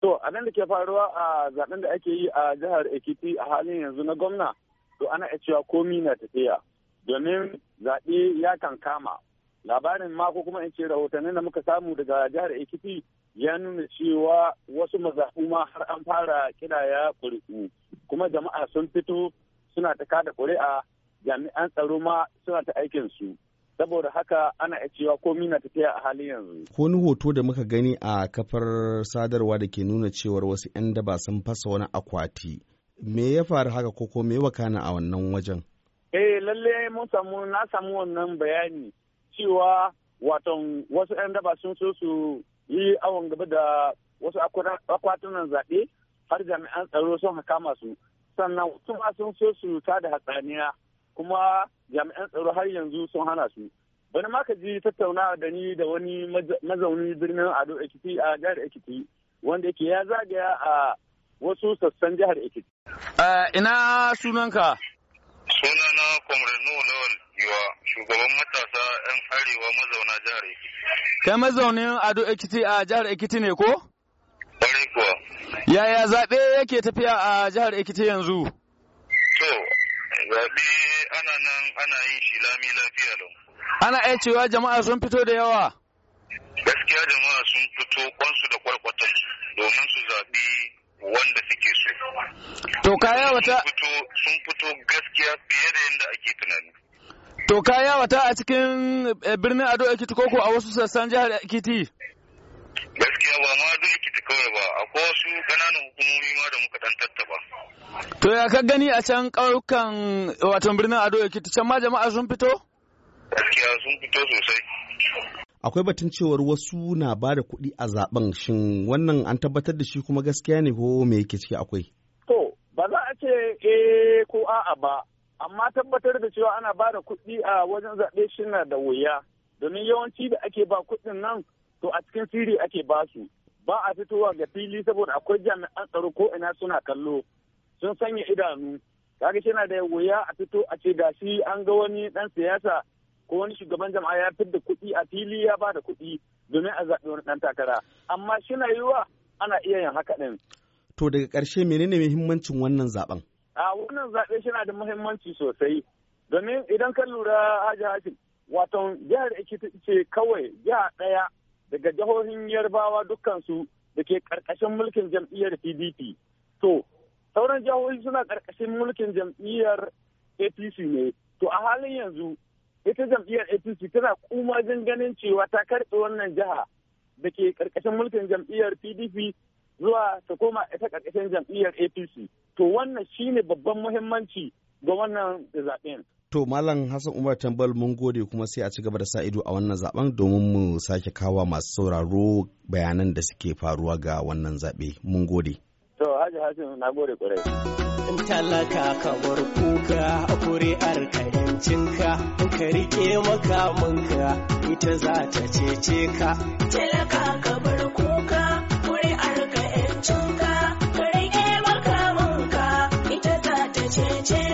To abin da ke faruwa a zaben da ake yi a jihar Ekiti a halin yanzu na gwamna to ana iya cewa komi na tafiya domin zaɓe ya kan kama. Labarin ma ko kuma in ce rahotanni da muka samu daga jihar Ekiti ya nuna cewa wasu mazaɓu ma har an fara kidaya ƙuri'u kuma jama'a sun fito suna ta kada ƙuri'a jami'an tsaro ma suna ta aikin su saboda haka ana iya cewa komi na tafiya a halin yanzu. Ko ni hoto da muka gani a kafar sadarwa da ke nuna cewar wasu 'yan daba sun fasa wani akwati. Me ya faru haka ko ko me wakana a wannan wajen? Eh lalle mun samu na samu wannan bayani cewa waton wasu 'yan daba sun so su yi awon gaba da wasu akwatunan zaɓe har jami'an tsaro sun kama su sannan kuma sun so su tada hatsaniya kuma jami'an tsaro har yanzu sun hana su bani ma ka ji tattaunawa da ni da wani mazauni birnin ado ekiti a jihar ekiti wanda yake ya zagaya a wasu sassan jihar ekiti eh, ina sunanka sunana kwamranu lawal yiwa shugaban matasa yan arewa mazauna jihar ekiti kai mazaunin ado ekiti a jihar ekiti ne ko yaya zaɓe yake tafiya a jihar ekiti yanzu Zaɓe ana nan ana yin shi lami lafiya lau. Ana iya cewa jama'a sun fito da yawa. Gaskiya jama'a sun fito kwansu da kwarkwatan domin su zaɓi wanda suke so. To kaya wata. Sun fito gaskiya fiye da yadda ake tunani. To kaya wata a cikin eh, birnin Ado Ekiti koko a wasu sassan jihar Ekiti. gaskiya ba ma duk ta kawai ba akwai wasu ƙananan hukumomi ma da muka dan tattaba to ya ka gani a can ƙauyukan watan birnin ado ekiti can ma jama'a sun fito gaskiya sun fito sosai akwai batun cewar wasu na ba da kuɗi a zaben shin wannan an tabbatar da shi kuma gaskiya ne ko me yake ciki akwai to ba za a ce eh ko a'a ba amma tabbatar da cewa ana ba da kuɗi a wajen zaɓe shi na da wuya domin yawanci da ake ba kuɗin nan to a cikin sirri ake ba su ba a fitowa ga fili saboda akwai jami'an tsaro ko ina suna kallo sun sanya idanu kaga shi da wuya a fito a ce gashi an ga wani dan siyasa ko wani shugaban jama'a ya fitar da kuɗi a fili ya ba da kuɗi domin a zaɓi wani ɗan takara amma shi na yiwa ana iya yin haka ɗin. To daga ƙarshe menene muhimmancin wannan zaɓen? A wannan zaɓe shi da muhimmanci sosai domin idan ka lura Hajji hajji wato jihar Ekiti ce kawai jiha ɗaya daga jihohin yarbawa dukkansu da ke karkashin mulkin jam'iyyar pdp to sauran jihohi suna karkashin mulkin jam'iyyar apc ne to a halin yanzu ita jam'iyyar apc tana kumajin ganin cewa ta karɓe wannan jiha da ke karkashin mulkin jam'iyyar pdp zuwa ta koma ita karkashin jam'iyyar apc to wannan shine babban muhimmanci ga wannan zaɓen To Malam Hassan Umar Tambal mun gode kuma sai a ci gaba da sa ido a wannan zaben domin mu sake kawa masu sauraro bayanan da suke faruwa ga wannan zaɓe. Mun gode. To Haji Hassan na gode kwarai. In talaka ka bar kuka a kuri'ar kayancinka in ka riƙe makamanka ita za ta cece ka. Talaka ka bar kuka kuri'ar kayancinka ka riƙe makamanka ita za ta cece ka.